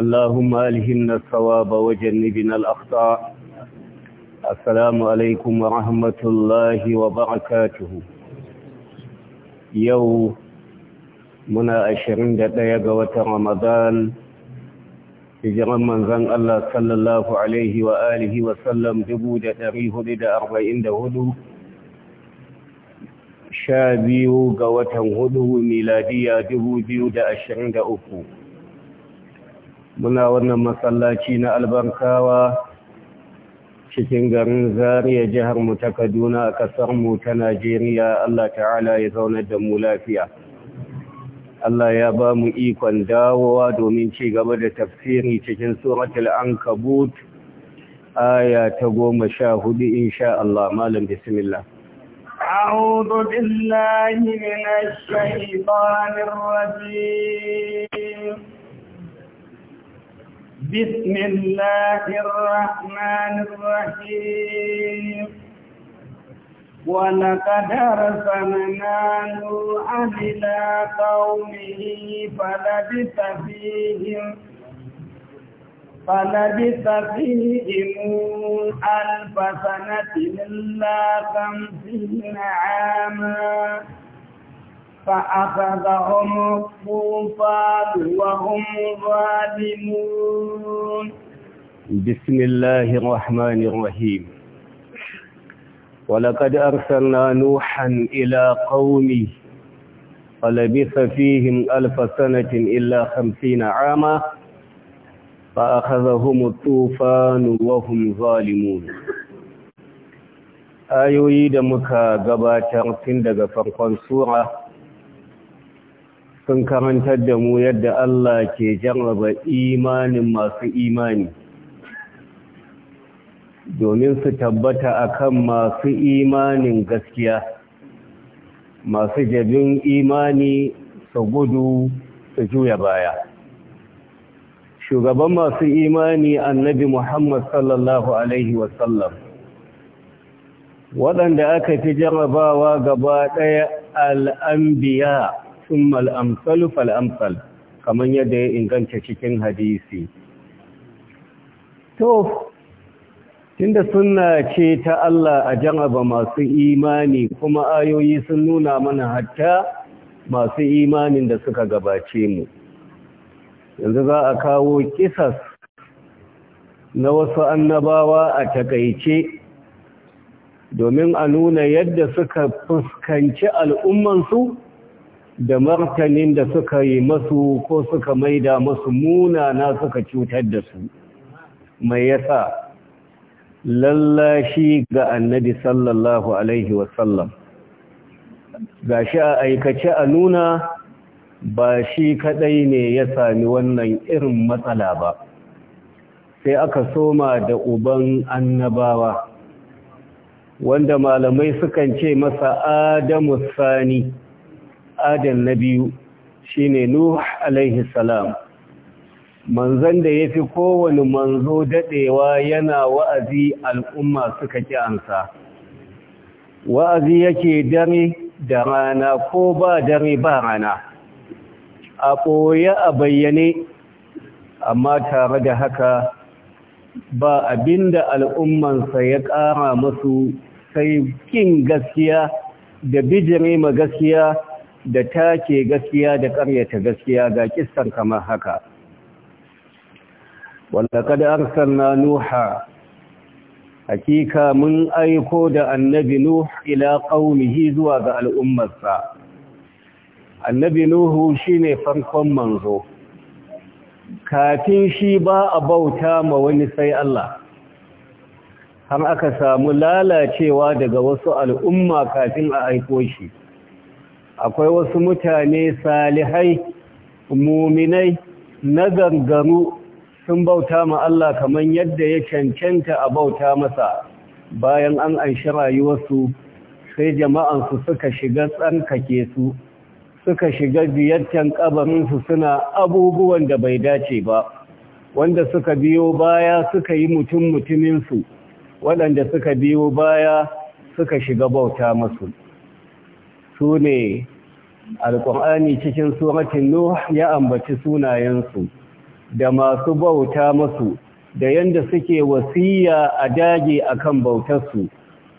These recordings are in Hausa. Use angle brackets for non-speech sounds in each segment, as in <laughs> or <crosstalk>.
اللهم ألهمنا الصواب وجنبنا الأخطاء السلام عليكم ورحمة الله وبركاته يو منا أشرين دقيقة وترمضان هجرا من ذن الله صلى الله عليه وآله وسلم دبو دقريه لدى أربعين دهدو sha biyu ga watan hudu miladiya dubu biyu da ashirin da uku muna wannan masallaci na albarkawa cikin garin zariya jihar mu ta kaduna a ƙasar mu ta najeriya allah ta'ala ya zaunar da mu lafiya Allah ya ba mu ikon dawowa domin ci gaba da tafsiri cikin suratul ankabut aya ta goma sha hudu insha Allah malam bismillah أعوذ بالله من الشيطان الرجيم بسم الله الرحمن الرحيم ولقد أرسلنا نوحا إلى قومه فلبث فيهم فلبث فيهم ألف سنة إلا خمسين عاما فأخذهم الطوفان وهم ظالمون بسم الله الرحمن الرحيم ولقد أرسلنا نوحا إلى قومه فلبث فيهم ألف سنة إلا خمسين عاما فأخذهم الطوفان وهم ظالمون ayoyi da muka gabatar tun daga farkon sura sun karantar da mu yadda Allah ke jarraba imanin masu imani domin su tabbata akan masu imanin gaskiya masu jabin imani su gudu su juya baya shugaban masu imani annabi Muhammad sallallahu Alaihi wasallam waɗanda aka fi jarabawa gaba ɗaya al'ambiya sun mal'amsalu fal'amsal kamar yadda ya inganta cikin hadisi to tunda sunna ce ta Allah a jaraba masu imani kuma ayoyi sun nuna mana hatta masu imanin da suka gabace mu yanzu za a kawo kisas na wasu annabawa a takaice domin a nuna yadda suka fuskanci al'ummansu da martanin da suka yi masu ko suka maida masu na suka cutar da su mai yasa lallashi ga annabi sallallahu alaihi wasallam ga shi a aikace a nuna ba shi kadai ne ya sami wannan irin matsala ba sai aka soma da uban annabawa wanda malamai sukan ce masa adamu sani adam na biyu shine nuh alaihi salam manzon da ya fi kowane manzo daɗewa yana wa'azi al'umma suka ƙi ansa wa'azi yake dare da rana ko ba dare ba rana a ɓoye a bayyane amma tare da haka ba abinda al'ummansa ya ƙara masu sai kin gaskiya da bijirima gaskiya da take gaskiya da ƙaryata gaskiya ga kistan kamar haka wanda kada na nuha hakika mun aiko da annabi nuh ila qaumihi zuwa ga al'ummarsa annabi nuhu shine farkon manzo kafin shi ba a bauta ma wani sai Allah har aka samu lalacewa daga wasu al'umma kafin a aiko shi akwai wasu mutane salihai muminai na gangaru sun bauta ma Allah kamar yadda ya cancanta a bauta masa bayan an anshi rayuwarsu sai jama'ansu suka shiga tsankake su suka shiga ziyartar kabarinsu suna abubuwan da bai dace ba wanda suka biyo baya suka yi mutum mutuminsu waɗanda suka biyo baya suka shiga bauta masu su ne alƙur'ani cikin suratun nuh ya ambaci sunayensu da masu bauta masu da yanda suke wasiya a dage akan bautarsu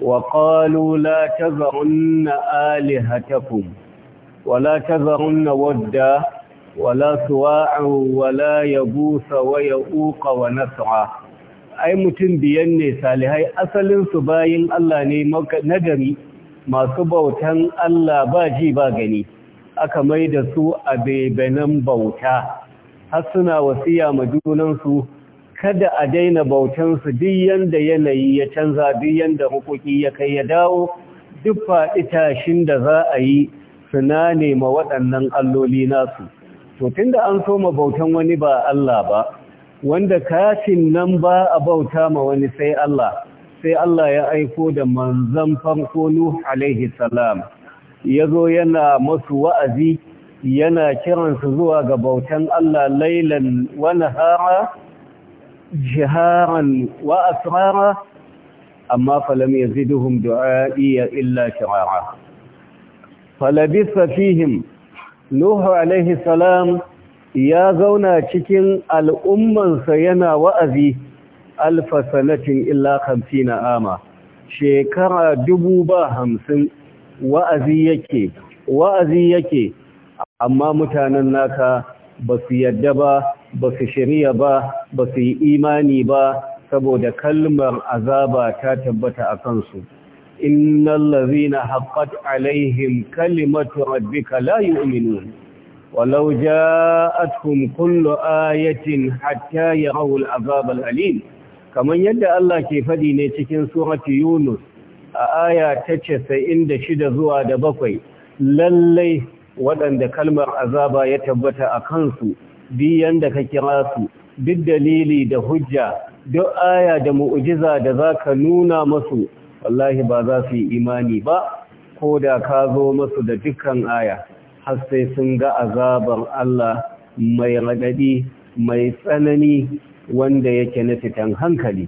wa qalu la tazunna alihatakum ولا تذرن ودا ولا سواعا ولا يبوس ويؤوق ونسعا ai mutum biyan ne salihai asalin su bayin Allah ne nagari masu bautan Allah ba ji ba gani aka mai da su a bebenan bauta Harsuna suna wasiya ma junansu kada a daina bautansu duk yanda yanayi ya canza duk yanda hukuki ya kai ya dawo duk faɗi da za a yi suna ne ma waɗannan alloli nasu to tunda an so ma bautan wani ba Allah ba wanda katin nan ba a bauta ma wani sai Allah sai Allah ya aiko da manzan farko Nuh alaihi salam yazo yana masu wa'azi yana su zuwa ga bautan Allah lailan wa nahara jiharan wa asrara amma falam yaziduhum du'a'i illa shirara falabisa fihim nuhu alaihi salam ya zauna cikin al'ummansa yana wa'azi alfasanatin sanatin illa hamsi na ama shekara dubu ba hamsin wa'azi yake wa'azi yake amma mutanen naka ba su yadda ba ba su shirya ba ba su yi imani ba saboda kalmar azaba ta tabbata a kansu inna lalazina haƙat alaihim kalimatu rabbika la yu'minu walau ja'atkum kullu ayatin hatta yarau al'azab al'alim kaman yadda Allah ke faɗi ne cikin surati Yunus a aya ta shida zuwa da bakwai. lallai waɗanda kalmar azaba ya tabbata a kansu biyan da ka kira su duk dalili da hujja duk aya da mu'jiza da zaka nuna masu. wallahi ba za su yi imani ba ko da ka zo masu da dukkan aya har sai sun ga azabar Allah mai raɗaɗi mai tsanani wanda yake na fitan hankali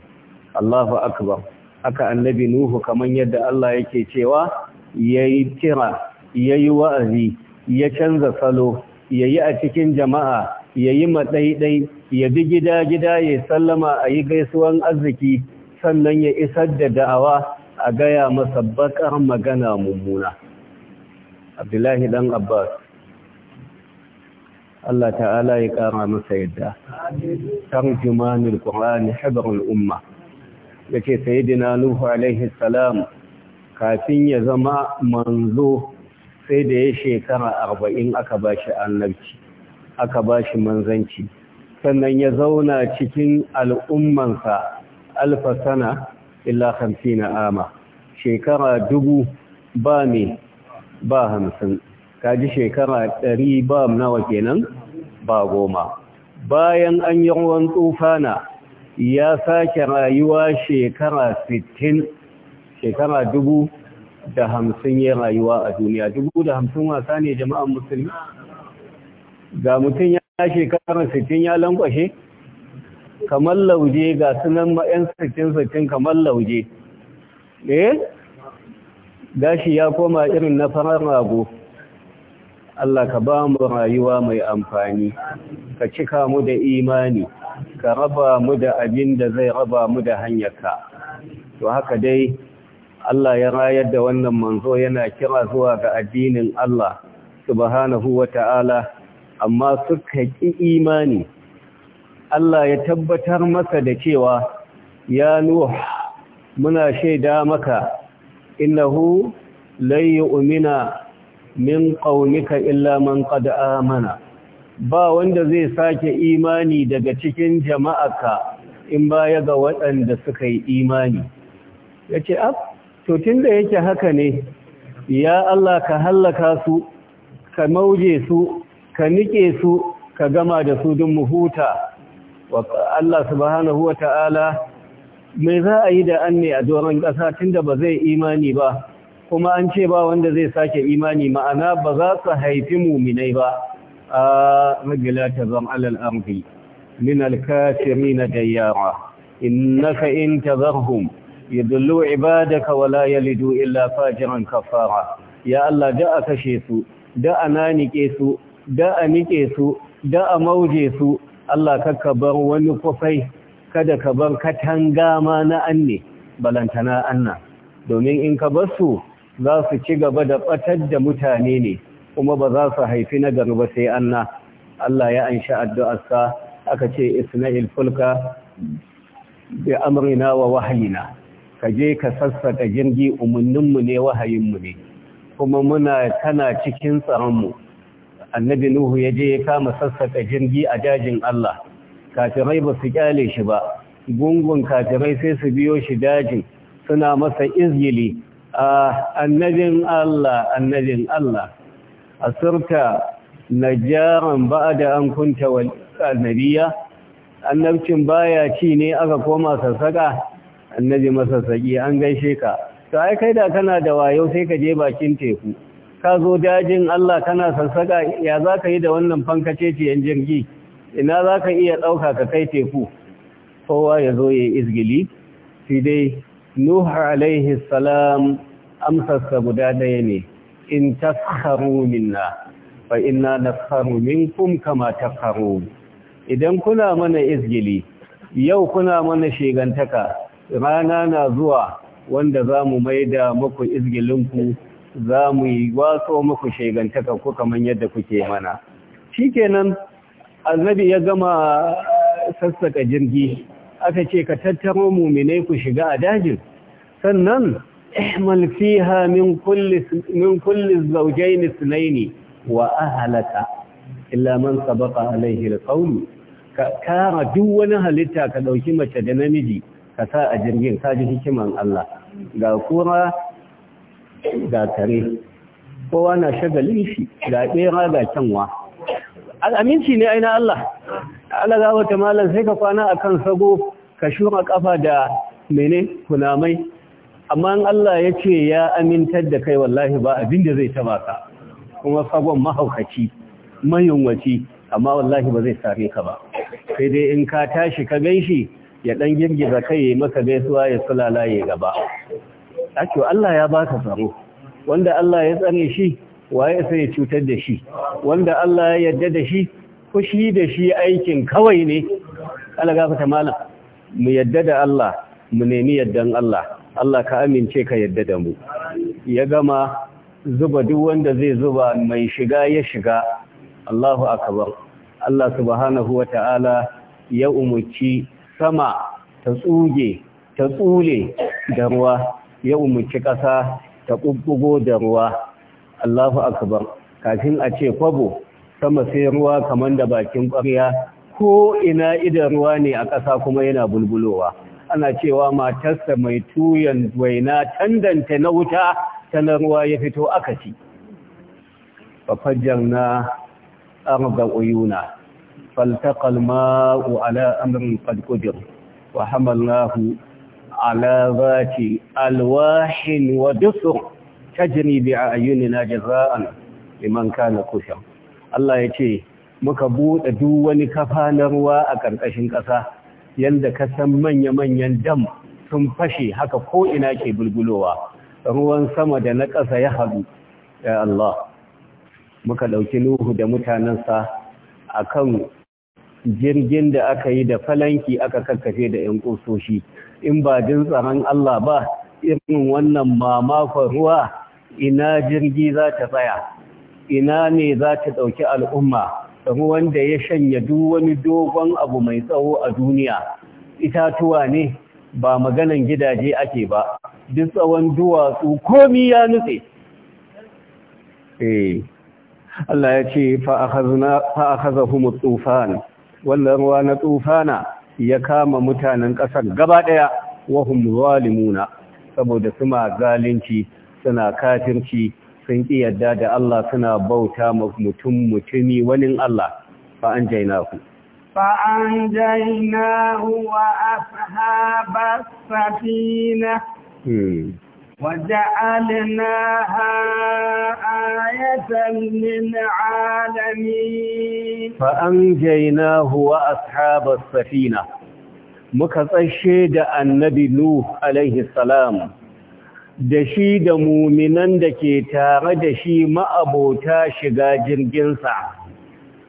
Allahu akbar aka annabi Nuhu kaman yadda Allah yake cewa yayi kira yayi wa'azi ya canza salo yayi a cikin jama'a yayi matsayi ya bi gida gida ya sallama a yi gaisuwan arziki sannan ya isar da da'awa a gaya masa bakar magana mummuna abdullahi ɗan abbas Allah ta'ala ya ƙara masa yadda tarjumanul qur'ani hibrul umma yace sayyidina nuhu alaihi kafin ya zama manzo sai da ya shekara arba'in aka ba shi annabci aka ba shi manzanci sannan ya zauna cikin al'ummansa alfasana illa hamsin ama shekara dubu ba me ba hamsin kaji shekara ɗari ba nawa kenan ba goma bayan an yi ruwan tsufana ya sake rayuwa shekara sittin shekara dubu da hamsin ya rayuwa a duniya dubu da hamsin wasa ne jama'an musulmi ga mutum ya shekara sittin ya lankwashe kamar lauje ga sunan ma'yan sakin-sakin kamar lauje eh gashi ya koma irin na farar rago Allah ka ba mu rayuwa mai amfani ka cika mu da imani ka raba mu da abin da zai raba mu da hanyarka to haka dai Allah ya rayar da wannan manzo yana kira zuwa ga addinin Allah subhanahu ta'ala amma suka ki imani Allah ya tabbatar masa da cewa ya nuh muna shaida maka innahu lai yu'mina min qaumika illa man qad amana ba wanda zai sake imani daga cikin jama'aka in baya ga waɗanda suka yi imani yace ab to tunda yake haka ne ya Allah ka hallaka su ka mauje su ka nike su ka gama da su don mu huta Allah subhanahu wa ta'ala mai za a yi da an ne a doron ƙasa tunda ba zai imani ba kuma an ce ba wanda zai sake imani ma'ana ba za su haifi muminai ba a magila ta zam alal amfi min alkafiri na dayyara innaka in tazarhum yadullu ibadaka wala yalidu illa fajiran kafara ya Allah da a kashe su da a nanike su da a nike su da a mauje su Allah ka bar wani kufai kada ka bar katanga ma na anne balantana anna domin in ka bar su za su ci gaba da batar da mutane ne kuma ba za su haifi na garba sai anna Allah ya anshi addu'arsa aka ce isna'il fulka bi amrina wa wahayina ka je ka sassaka jirgi umarninmu ne wahayinmu ne kuma muna tana cikin tsaronmu annabi nuhu ya je ya kama sassaka jirgi a dajin Allah kafirai ba su kyale shi ba gungun kafirai sai su biyo shi dajin suna masa izgili a annabin Allah annabin Allah A surta jaran ba da an kunta wa annabiya annabcin baya ci ne aka koma sassaka annabi masassaki an gaishe ka to ai kai da kana da wayo sai ka je bakin teku ka zo dajin Allah kana sassaka ya za ka yi da wannan yan jirgi ina za ka iya ɗauka ka kai teku kowa ya zo ya izgili sai dai nuhu alaihi salam amsarsa guda ɗaya ne in taskaru minna fa inna min minkum kama taskaru idan kuna mana izgili yau kuna mana shigantaka. rana na zuwa wanda za mu maida muku izgilinku za mu yi waso muku shegantaka ku kamar yadda kuke mana Shi kenan annabi ya gama sassaka jirgi aka ce ka tattaro muminai ku shiga a dajin sannan ihmal fiha min kulli min ni ne. wa ahlaka illa man sabaqa alayhi alqawm ka kara duk wani halitta ka dauki mace da namiji ka sa a jirgin ka ji hikiman Allah ga kura Da kare kowa na shagalin shi ga ɗera ga kyanwa Al'aminci ne aina Allah Allah ga wata malam sai ka kwana kan sago ka shura kafa da mene kunamai amma Allah ya ce ya amintar da kai wallahi ba abin da zai taba ka kuma sagon mahaukaci mayunwaci amma wallahi ba zai sare ka ba sai dai in ka tashi ka gan shi ya ɗan girgiza kai ya maka gaisuwa ya sulalaye gaba ake Allah ya ba ka tsaro wanda Allah ya tsare shi waye sai ya cutar da shi wanda Allah ya yarda da shi fushi da shi aikin kawai ne Allah gafarta malam mu yarda da Allah mu nemi yardan Allah Allah ka amince ka yarda da mu ya gama zuba duk wanda zai zuba mai shiga ya shiga Allahu akbar Allah subhanahu wata'ala ya umurci sama ta tsuge ta tsule da ruwa ya umarci ƙasa ta ƙuɓɓugo da ruwa Allahu akbar kafin a ce kwabo sama sai ruwa kamar da bakin ƙwarya ko ina idan ruwa ne a ƙasa kuma yana bulbulowa ana cewa matarsa mai tuyan waina tandanta na wuta ta na ruwa ya fito aka ci fafajar na arda uyuna faltaƙal ma'u ala Amurin ƙadƙudir wa على ذات الواح ودسر تجري بأعيننا جزاء لمن كان kushan Allah ya ce muka buɗe duk wani kafa na ruwa a ƙarƙashin ƙasa yadda ka san manya-manyan dam sun fashe haka ko ina ke gulgulowa. ruwan sama da na ƙasa ya haɗu ya Allah muka ɗauki nuhu da mutanensa a kan jirgin da aka yi da falanki aka kakkafe da ‘yan ƙusoshi in ba jin tsaron Allah ba irin wannan mamakon ruwa ina jirgi za ta tsaya ina ne za ta ɗauki al'umma ruwan da ya shanya duk wani dogon abu mai tsawo a duniya itatuwa ne ba maganan gidaje ake ba duk tsawon duwatsu komi ya nutse eh, Allah ya ce fa'akazahumu tsufana wannan ruwa na tsufana ya kama mutanen ƙasar gaba ɗaya wahum zalimuna saboda suna zalunci suna kafirci sun ƙi yadda da Allah suna bauta mutum mutumi wani Allah fa an jaina ku Fa an فأنجيناه وأصحاب Safina. Hmm. وجعلناها آية للعالمين فأنجيناه وأصحاب السفينة مكتشي دا النبي نوح عليه السلام da shi da muminan da ke tare da shi ma'abota shiga jirginsa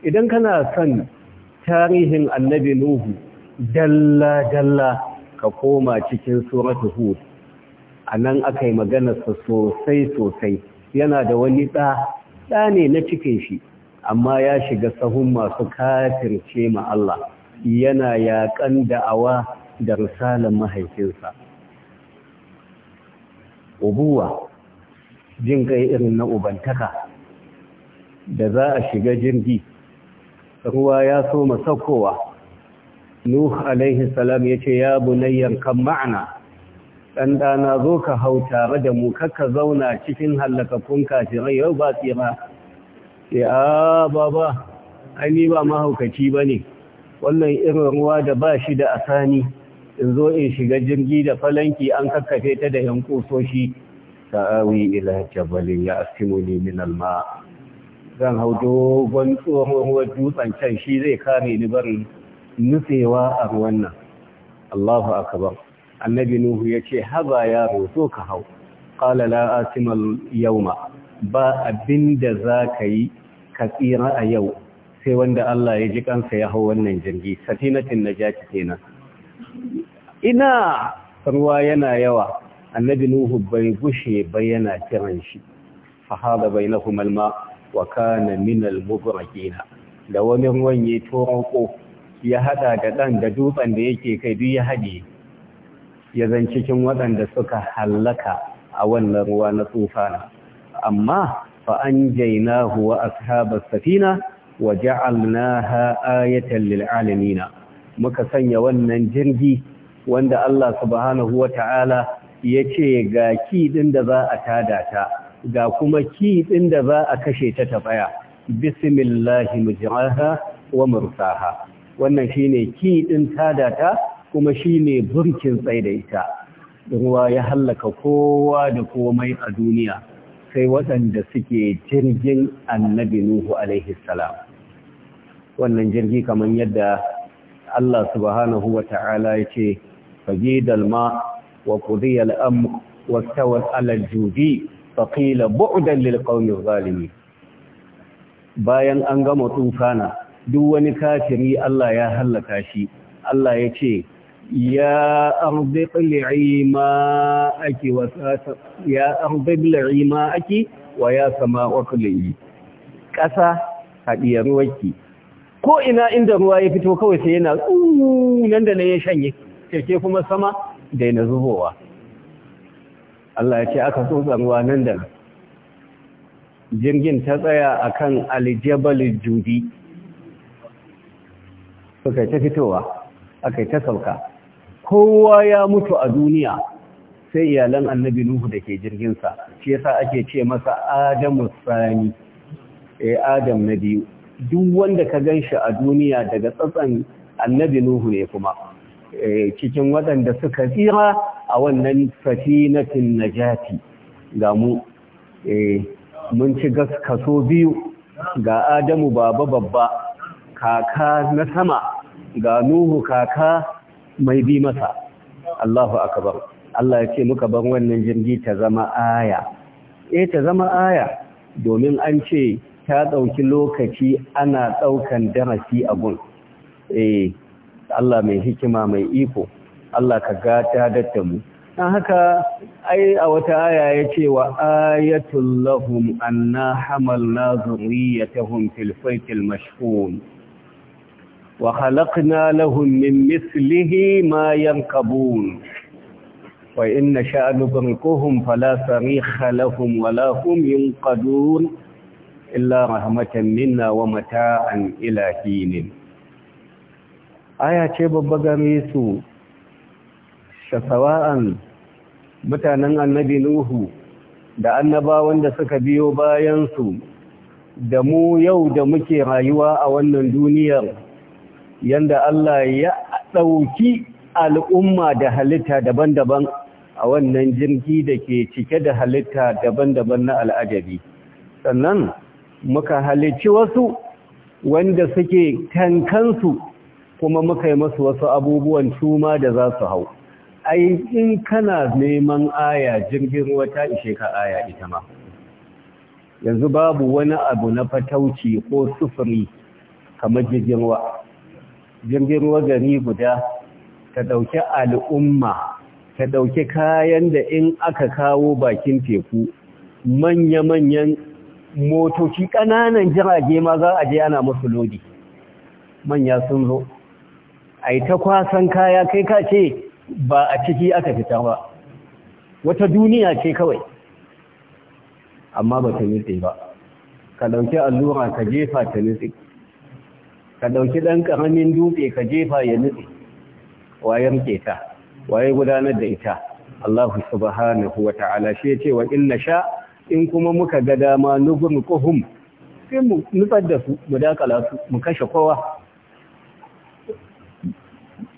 idan kana son tarihin annabi nuhu dalla-dalla ka koma cikin suratu hud a nan aka yi maganarsa sosai-sosai yana da wani ɗa ɗa ne na cikin shi amma ya shiga sahun masu kafirce ma Allah yana yaƙan da'awa da risalar mahaifinsa ubuwa jin kai irin na ubantaka da za a shiga jirgi ruwa ya so masaukowa nuh alaihi salam ya ce ya bunayyar kan ma'ana ɗan ɗana zo ka hau tare da mu kakka zauna cikin hallakakun rai, yau ba tsira Ya a baba ni ba mahaukaci ba ne wannan irin ruwa da ba shi da asani in zo in shiga jirgi da falanki an kakkafe ta da yan kusoshi awi ila jabalin ya asimuni min alma zan hau dogon tsohon dutsen can shi zai kare ni barin nutsewa a ruwan nan Allahu akbar annabi nuhu ya ce haba yaro zo ka hau ƙala la'asimal yauma ba abin da za ka yi ka tsira a yau sai wanda Allah ya ji kansa ya hau wannan jirgi satinatin najati kenan ina ruwa yana yawa annabi nuhu bai gushe ba yana kiran shi fahada bainahum alma wa kana min almughraqina da wani ruwan ya toroko ya hada da dan da dutsen da yake kai duk ya hade ya zan cikin waɗanda suka hallaka a wannan ruwa na tsufana amma fa an jaina huwa Ashabar safina wa ja'alnaha ayatan lil muka sanya wannan jirgi wanda Allah subhanahu ya yace ga ki ɗin da za a tada ta ga kuma ki ɗin da za a kashe ta ta bismillahi mujraha wa mursaha wannan shine ki ɗin tada ta kuma shi ne burkin ita. ruwa ya hallaka kowa da komai a duniya sai waɗanda suke jirgin annabi Nuhu alaihi salam wannan jirgi kamar yadda Allah subhanahu wa ta'ala ya ce fagidal ma wa qudiyal amr wa tawat ala judi faqila bu'dan lil qawmi zalimin bayan an gama tsufana duk wani kafiri Allah ya hallaka shi Allah ya ce يا أرض اقلعي ماءك وساس يا أرض ƙasa haɗiya ruwanki ko ina inda ruwa ya fito kawai sai yana nan da na ya shanye keke kuma sama daina zubowa Allah ya ce aka tsotsa ruwa nan da jirgin ta tsaya akan kan Judi. jubi suka ta fitowa aka ta sauka kowa ya mutu a duniya sai iyalan annabi Nuhu da ke jirginsa shi yasa ake ce masa Adamu Sani eh Adam na biyu duk wanda ka ganshi a duniya daga tsatsan annabi Nuhu ne kuma eh, cikin waɗanda suka tsira a wannan safinatin najati ga mu eh, mun ci gaskaso biyu ga Adamu baba babba kaka na sama ga Nuhu kaka mai bi masa Allahu akbar Allah ya ce muka bar wannan jirgi ta zama aya eh ta zama aya domin an ce ta ɗauki lokaci ana ɗaukan darasi a gun eh Allah mai hikima mai iko Allah ka gata da mu dan haka ai a wata aya yace wa ayatul lahum anna hamalna zurriyatahum fil faytil mashhun وخلقنا لهم من مثله ما ينقبون وإن شأن نغرقهم فلا صريخ لهم ولا هم ينقذون إلا رحمة منا ومتاعا إلى حين آية شبه بغريسو سواء mutanen annabi Nuhu da annabawan da suka biyo bayansu da mu yau da muke rayuwa a wannan duniyar yanda Allah ya ɗauki al'umma da halitta daban-daban a wannan jirgi da ke cike da halitta daban-daban na al'ajabi sannan muka halicci wasu wanda suke kankansu kuma muka yi masu wasu abubuwan cuma da za su hau ai in kana neman aya jirgin wata ta ishe ka aya ita ma yanzu babu wani abu na fatauci ko sufuri kamar jirgin wa. jirgin ruwa gari guda ta ɗauki al'umma ta ɗauki kayan da in aka kawo bakin teku manya-manyan motoci ƙananan jirage ma za a je ana musu lodi manya sun zo a yi ta kwasan kaya kai ka ce ba a ciki aka fita ba wata duniya ce kawai amma ba ta nitse ba ka ɗauki allura ka jefa ta ka ɗauki ɗan ƙaramin dutse ka jefa ya nutse waye rike ta waye gudanar da ita Allahu subhanahu wa ta'ala shi ya ce wa in sha in kuma muka ga dama nugun kuhum sai mu nutsar da su mu dakala su mu kashe kowa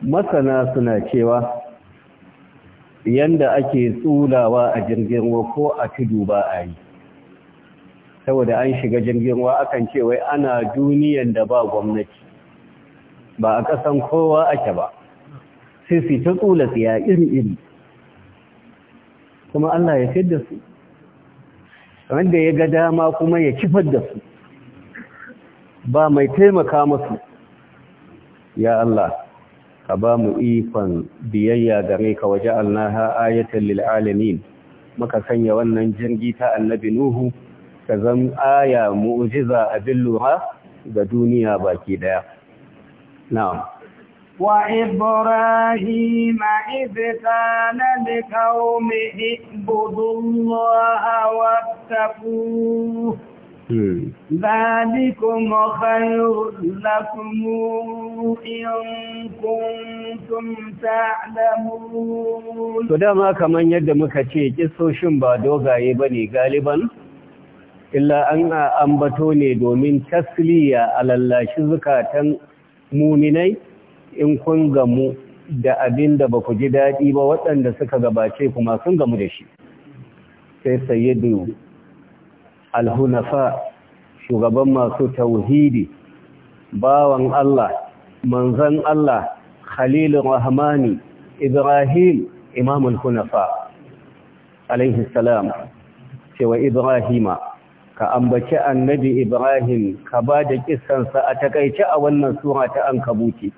masana suna cewa yanda ake tsulawa a jirgin ruwa ko a tudu ba a yi saboda an shiga jirgin ruwa akan ce wai ana duniyan da ba gwamnati ba a kasan kowa ake ba sai su ta tsula tsiya iri-iri kuma Allah ya fidda su wanda ya ga dama kuma ya kifar da su ba mai taimaka musu ya Allah ka ba mu ikon biyayya gare ka waje Allah ayatan lil alamin muka sanya wannan jirgi ta annabi nuhu ta zan aya mu'jiza abin lura ga duniya baki daya. Na’am. Wa Ibrahima izita na da kawomi ibudullawa wa tafu. Zalikun hmm. khairun lakum in kuntum ta'lamun. Ku dama kaman yadda muka ce kissoshin ba dogaye bane galiban. illa an ambato ne domin tasliya a lallashi zukatan muminai in kun gamu da abin da ba ku ji daɗi ba waɗanda suka gabace kuma sun gamu da shi sai sayyidu alhunafa shugaban masu tauhidi bawan Allah manzan Allah Khalilu rahmani ibrahim imamul hunafa alaihi salam cewa ibrahima ka ambaci annabi Ibrahim ka ba da sa a takaice a wannan sura ta kabuti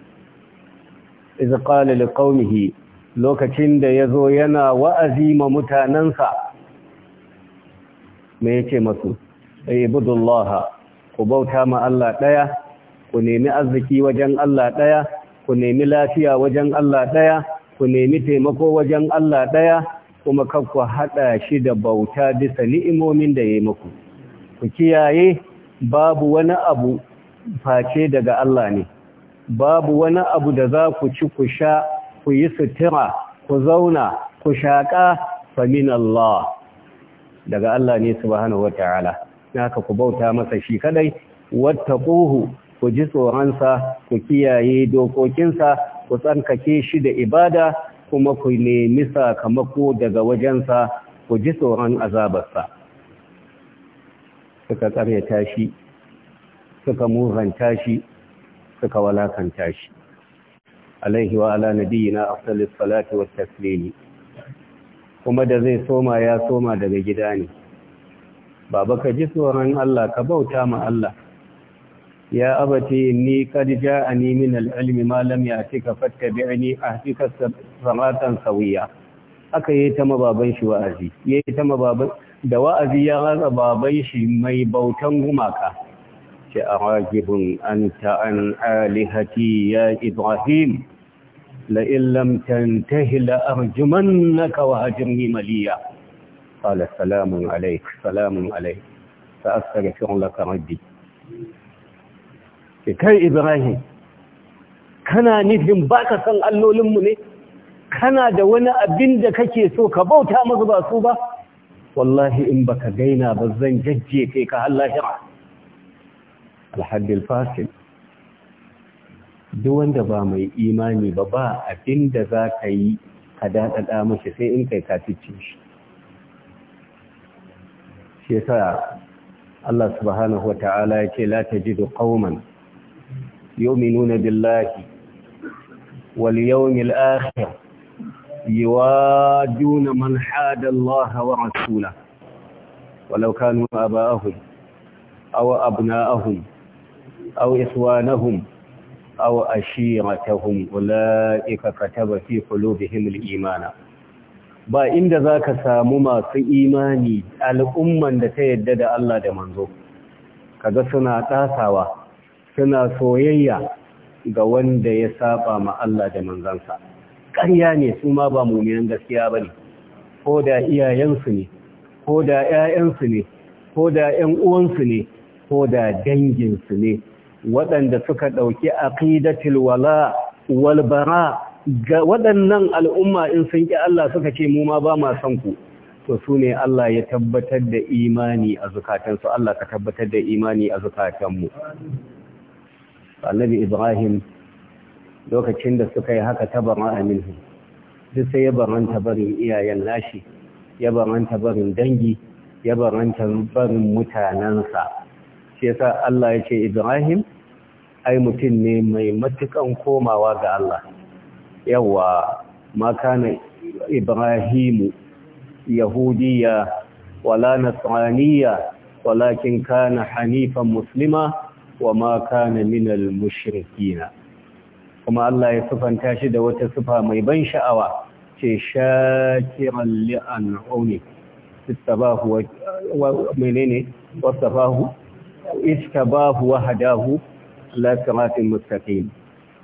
iz qala liqaumihi lokacin da yazo yana wa'azi ma mutanansa me yake masu ibudullah ku bauta ma Allah daya ku nemi arziki wajen Allah daya ku nemi lafiya wajen Allah daya ku nemi taimako wajen Allah daya kuma kakku hada shi da bauta bisa ni'imomin da yayi muku ku kiyaye babu wani abu face daga Allah ne babu wani abu da za ku ci ku sha ku yi sutura ku zauna ku shaƙa famin Allah daga Allah ne subhanahu wata'ala naka ku bauta masa shi kadai wattaquhu ku ji tsoronsa ku kiyaye dokokinsa ku tsankake shi da ibada kuma ku nemi sakamako daga wajensa ku ji tsoron azabarsa suka karyata shi suka mugan shi suka walakanta shi alaihi wa ala nabiyina afdalus salati was taslimi kuma da zai soma ya soma daga gida ne baba ka ji tsoron Allah ka bauta ma Allah ya abati ni kad ja'ani min al-ilmi ma lam ya'tika fattabi'ni ahdika samatan sawiya aka yi ta mababan shi wa'azi yayi ta mababan da wa'azi ya rasa baban shi mai bautan gumaka ce a ragibin an ta'an alihati ya ibrahim la'illamtan ta tantahi la'arjuman na kawajin maliya قال alaik ta سلام عليك فأستغفر لك ربي kai Ibrahim kana nufin baka san allolinmu ne kana da wani abin da kake so ka bauta masu ba su ba wallahi in baka gaina ba zan jajje kai ka lahira Alhadil fasil duk wanda ba mai imani ba ba abinda za ka yi ka daɗaɗa mashi sai in kai kafice shi shi Allah subhanahu wa ta'ala ya ce la tajidu qauman yu'minuna billahi wal yawmil akhir يوادون من حاد الله ورسوله ولو كانوا آباءهم أو أبناءهم أو إخوانهم أو أشيرتهم أولئك كتب في قلوبهم الإيمان ba inda za ka samu masu imani al'umman da ta yarda da Allah da manzo kaga suna tasawa suna soyayya ga wanda ya saba ma Allah da manzansa ƙarya ne su ma ba mummunan gaskiya ba ne ko da iyayensu ne ko da ‘ya'yansu ne ko da ‘yan uwansu ne ko da danginsu ne waɗanda suka ɗauki aqidatul wala walbara ga waɗannan al'umma in sun ƙi Allah suka ce mu ma ba ma son ku to su ne Allah ya tabbatar da imani a zukatansu Allah ka tabbatar da imani a zukatanmu annabi Ibrahim lokacin da suka yi haka ta bara Aminu, duk sai ya baranta barin iyayen nashi ya baranta barin dangi ya baranta barin mutanensa shi yasa Allah ya ce Ibrahim ai mutum ne mai matukan komawa ga Allah yawa ma kana Ibrahimu yahudiya wala nasraniya walakin kana hanifan muslima wa ma kana minal mushrikina kuma Allah ya sufanta shi da wata sufa mai ban sha'awa ce shakiran li'an auni istabahu wa menene wasafahu istabahu wa hadahu la siratin mustaqim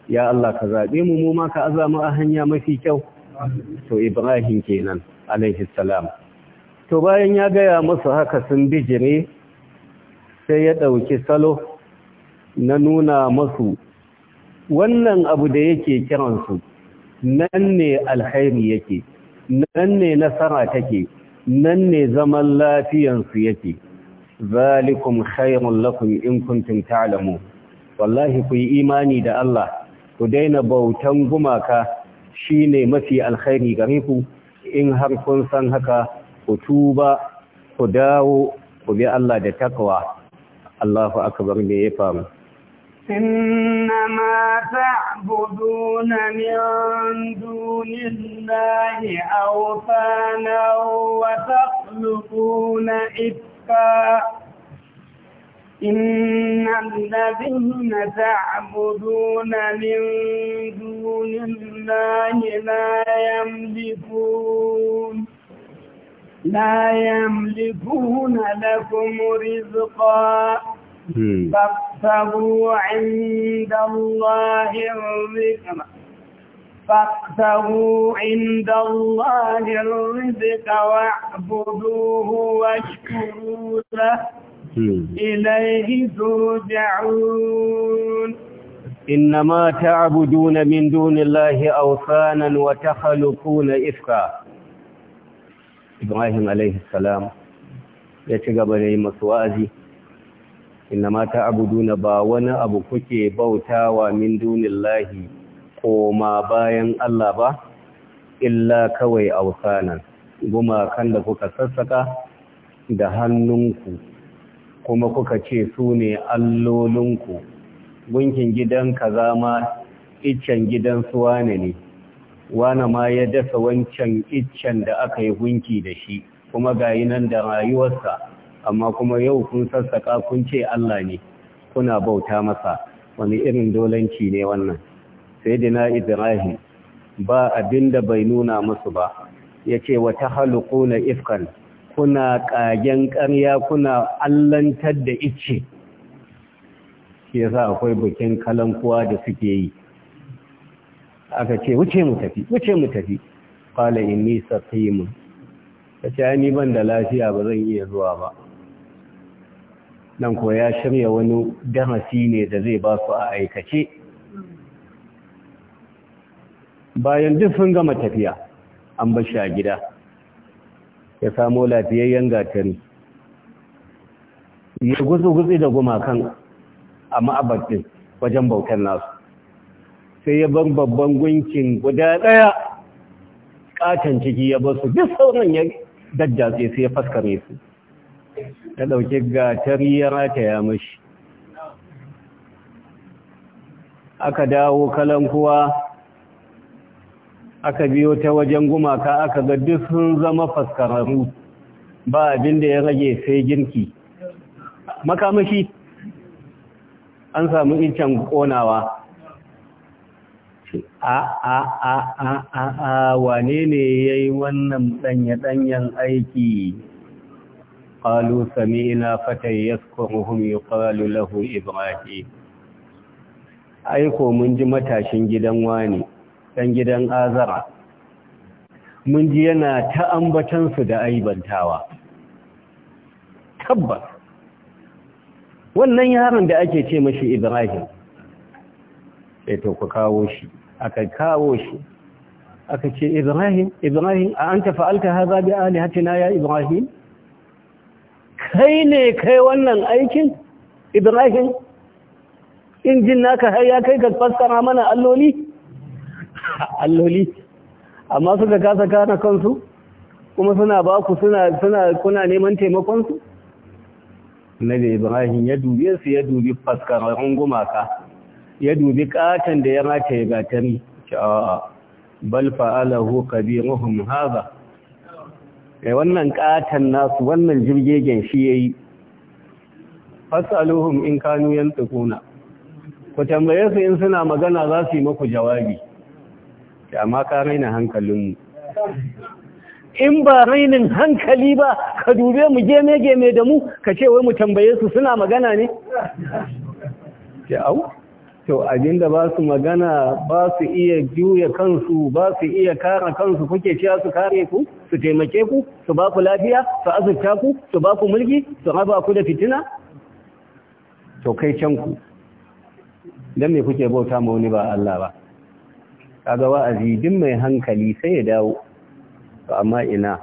ya Allah ka zabe mu mu ma ka azama a hanya mafi kyau to Ibrahim kenan alaihi salam to bayan ya gaya masu haka sun bijire sai ya dauki salo na nuna masu. wannan abu da yake kiransu nan ne alkhairi yake nan ne nasara take nan ne zaman lafiyansu yake zalikum khairun lakum in kuntum ta'lamu wallahi ku yi imani da Allah ku daina bautan gumaka shine mafi alkhairi gare ku in har kun san haka ku tuba ku dawo ku bi Allah da takwa Allahu akbar me ya faru إنما تعبدون من دون الله أوثانا وتخلقون إفكا إن الذين تعبدون من دون الله لا يملكون لا يملكون لكم رزقا فاكتبوا عند الله الرزق فاكتبوا عند الله الرزق واعبدوه واشكروا له إليه ترجعون إنما تعبدون من دون الله أوثانا وتخلقون إفكا إبراهيم عليه السلام يتقبل أي inna ma na ba wani abu kuke bautawa min dunillahi koma bayan Allah ba illa kawai ausanan gumakan da kuka sassaka da hannunku kuma kuka ce su ne allolinku gunkin gidan kaza ma iccen gidan su wane ne wane ma ya dasa wancan iccen da aka yi gunki da shi kuma gayi nan da rayuwarsa amma kuma yau kun sassaƙa kun ce Allah ne kuna bauta masa wani irin dolanci ne wannan sai dina ibrahim ba abin da bai nuna musu ba ya ce wata na ifkan kuna ƙagen ƙarya kuna allantar da ice shi yasa akwai bikin kalankuwa da suke yi aka ce wuce mu tafi wuce mu tafi qala inni saqim kace ni ban da lafiya ba zan iya zuwa ba nan ko ya shirya wani darasi ne da zai ba su a aikace bayan duk sun gama tafiya an bashi a gida ya samo lafiyayyen gatari ya gutsu da gumakan a ma'abatin wajen bautar nasu sai ya bar babban gunkin guda ɗaya katon ciki ya basu duk sauran ya daddatse sai ya faskare su ta ɗauki gatari ya rataya mashi aka dawo kalan kuwa aka biyo ta wajen gumaka aka ga duk sun zama faskararru ba abin da ya rage sai girki makamashi an samu incan konawa a a a a a wane ne ya yi wannan ɗanya-ɗanyen aiki قالوا سمعنا فتى يذكرهم يقال له إبراهيم aiko mun ji matashin gidan wani dan gidan azara mun ji yana ta ambatansu da aibantawa tabbas wannan yaron da ake ce mashi ibrahim sai to ku kawo shi aka kawo shi aka ce ibrahim ibrahim a anta fa'alta hadha bi alihatina ya ibrahim kai ne kai wannan aikin ibrahim injin naka har ya kai ka fassara mana alloli <laughs> alloli amma suka kasa kana kansu kuma suna ba ku suna suna kuna neman taimakon su Nabi Ibrahim ya dubi su ya dubi faskararun gumaka ya dubi katan da ya rataye gatari a'a bal fa'alahu kabiruhum hadha Eh, wannan katan nasu wannan jirgegen shi ya yi. fasaluhun in kanu yantukuna ku tambaye su in suna magana za su yi maku jawabi ma ka raina hankalinmu in ba rainin hankali ba ka dube mu geme-geme da mu ka ce wai mu tambaye su suna magana ne? ya au? to abinda ba su magana ba su iya juya kansu ba su iya kare kansu kuke cewa su kare ku su taimake ku su ba ku lafiya su azurta ku su ba ku mulki su raba ku da fitina to kai can ku dan me kuke bauta ma wani ba Allah ba kaga wa'azi din mai hankali sai ya dawo to amma ina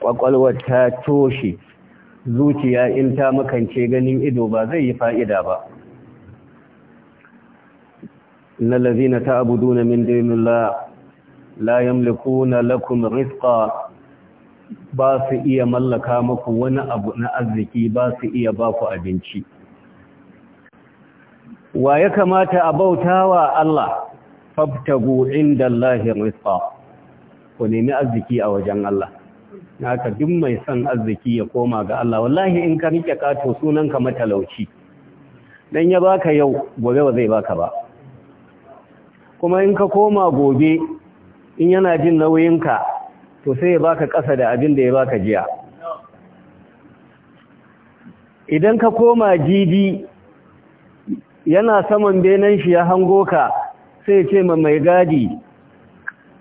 kwakwalwar ta toshe zuciya in ta makance ganin ido ba zai yi fa'ida ba إن الذين تعبدون من دون الله لا يملكون لكم رزقا ba su iya mallaka muku wani abu na arziki ba su iya ba ku abinci wa ya kamata a bautawa Allah fabtagu inda Allahi rizqa ku nemi arziki a wajen Allah ka duk mai son arziki ya koma ga Allah wallahi in ka rike kato sunanka matalauci dan ya baka yau gobe ba zai baka ba kuma in ka koma gobe in yana jin nauyinka to sai ya baka ƙasa da abin da ya baka jiya idan ka koma jidi yana saman benen shi ya hango ka sai ce ma mai gadi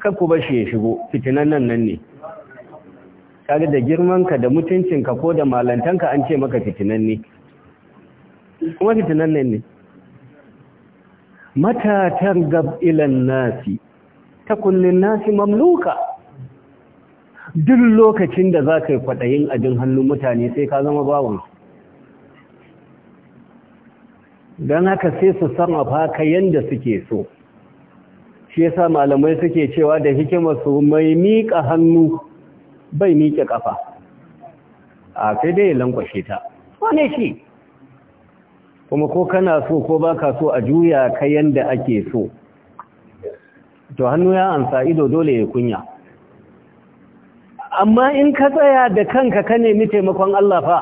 kakku bashi ya shigo fitinan nan nan ne kaga da girmanka da mutuncinka ko da malantanka an ce maka fitinan kuma fitinan nan ne mata targab ilan nasi kullin nasi mamluka duk lokacin da za ka yi kwaɗayin ajin hannu mutane sai ka zama bawansu, don haka sai su san ka yadda suke so shi yasa malamai suke cewa da hikimar su mai miƙa hannu bai miƙe ƙafa a sai dai lankwashe ta wane shi kuma ko kana so ko baka so a juya ka yanda ake so to hannu ya ansa ido dole ya kunya amma in ka tsaya da kanka ka nemi taimakon Allah fa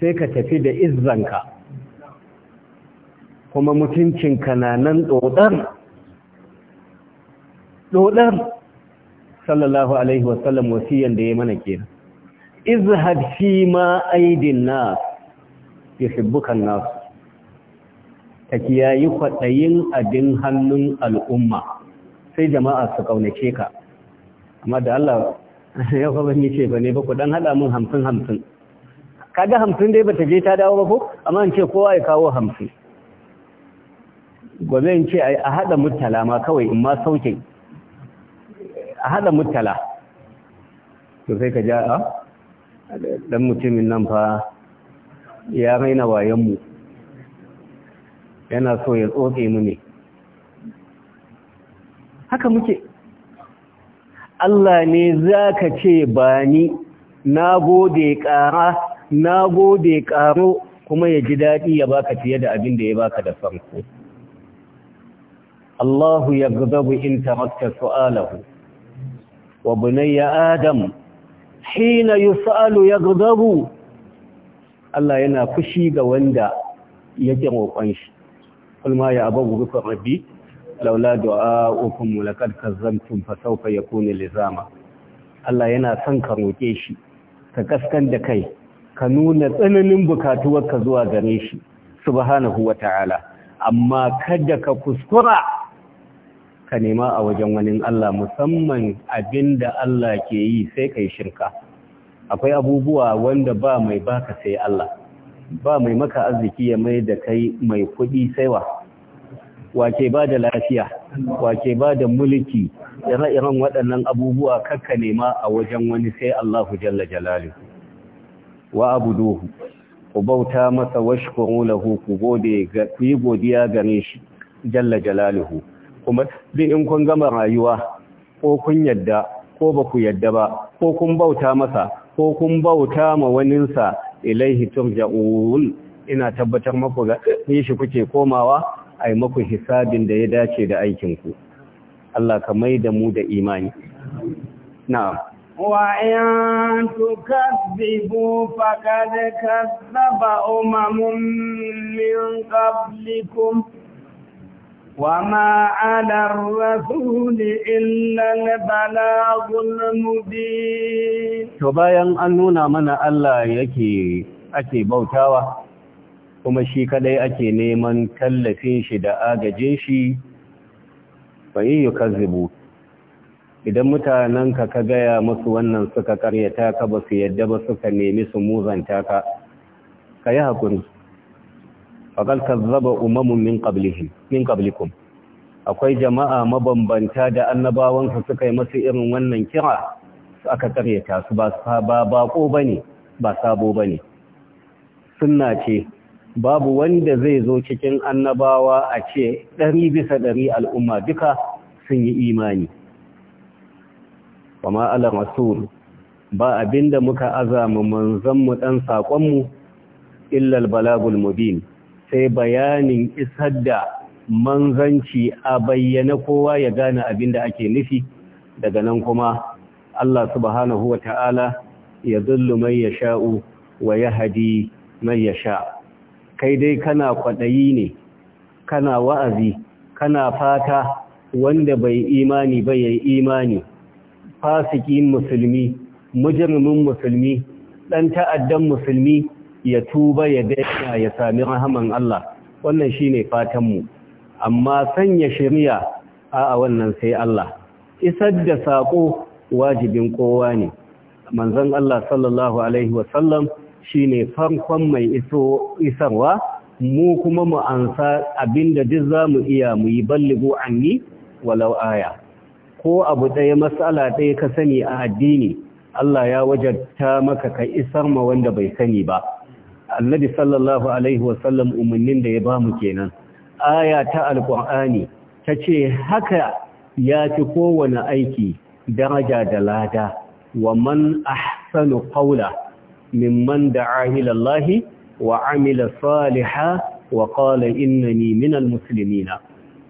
sai ka tafi da izzanka kuma mutuncinka na nan dodan sallallahu alaihi wasallam wasiyan da ya mana kenan izhad fi ma aidin nas يحبك الناس kiyayi kwaɗayin abin hannun al'umma sai jama'a su kaunace ka amma da Allah <laughs> ya kuma ban ce ba ne ba ku dan hada mun hamsin hamsin kaga hamsin dai bata je ta dawo ba ko amma in ce kowa ya kawo hamsin gobe in ce a hada mutala ma kawai in ma sauke a hada mutala to sai ka ja dan mutumin nan fa ya raina wayanmu yana so ya tsotse mu ne haka muke Allah ne zaka ce bani na gode ƙara na gode ƙaro kuma ya ji daɗi ya baka fiye da abin da ya baka da farko Allahu ya in tarakta su'alahu wa bunayya Adam hina yus'alu ya gudabu Allah yana fushi ga wanda yake roƙon shi kulma ya abu rufin rabbi laula du'a ukum laqad kazzamtum fa sawfa yakunu lizama Allah yana son ka roƙe shi ka kaskan da kai ka nuna tsananin bukatuwarka zuwa gare shi subhanahu wata'ala amma kada ka kuskura ka nema a wajen wani Allah musamman abinda Allah ke yi sai kai shirka akwai abubuwa wanda ba mai baka sai Allah ba mai maka arziki ya mai da kai mai kuɗi saiwa wace ba da lafiya wace ba da mulki ire-iren waɗannan abubuwa kakka nema a wajen wani sai Allahu jalla jalali wa abuduhu ku bauta masa washkuru lahu ku gode ku yi godiya gare shi jalla jalaluhu kuma duk in kun gama rayuwa ko kun yadda ko ba ku yadda ba ko kun bauta masa ko kun bauta ma waninsa ilaihi turja'un ina tabbatar muku ga shi kuke komawa ai maku hisabin da ya dace da aikin ku Allah ka maida mu da imani na'am wa in tukazzibu faqad kazzaba umamun min qablikum وما على الرسول إلا البلاغ المبين to bayan an nuna mana Allah yake ake bautawa kuma shi kadai ake neman tallafin shi da agajin shi fayi yukazzibu idan mutanen ka ka gaya musu wannan suka karyata ka ba su yadda ba suka nemi su muzanta ka ka yi hakuri faqad kazzaba umamun min qablihim min qablikum akwai jama'a mabambanta da annabawan suka yi masu irin wannan kira su aka karyata su ba ba bako bane ba sabo bane sunna ce babu wanda zai zo cikin annabawa a ce ɗari bisa ɗari al'umma duka sun yi imani Kuma ala rasul ba abinda muka azama manzanmu ɗan saƙonmu illal balagul mubin sai bayanin isar da manzanci a bayyana kowa ya gane abin da ake nufi daga nan kuma Allah subhanahu wa ta'ala ya zullu mai ya sha'u wa ya hadi mai ya sha kai dai kana kwaɗayi ne kana wa'azi kana fata wanda bai imani bai yi imani fasikin musulmi mujirmin musulmi ɗan ta'addan musulmi ya tuba ya daina ya sami rahaman Allah wannan shine fatan mu amma sanya shari'a a wannan sai Allah isar da saƙo wajibin kowa ne manzon Allah sallallahu alaihi wasallam shine farkon mai iso isarwa mu kuma mu ansa abinda duk zamu iya mu yi balligo anni walau aya ko abu ɗaya matsala ɗaya ka sani a addini Allah ya wajabta maka ka isar ma wanda bai sani ba annabi sallallahu alaihi wasallam umarnin da ya ba mu kenan aya ta alqur'ani tace haka ya fi kowane aiki daraja da lada wa man ahsanu qawla mimman da'a ila wa amila saliha wa qala innani minal muslimina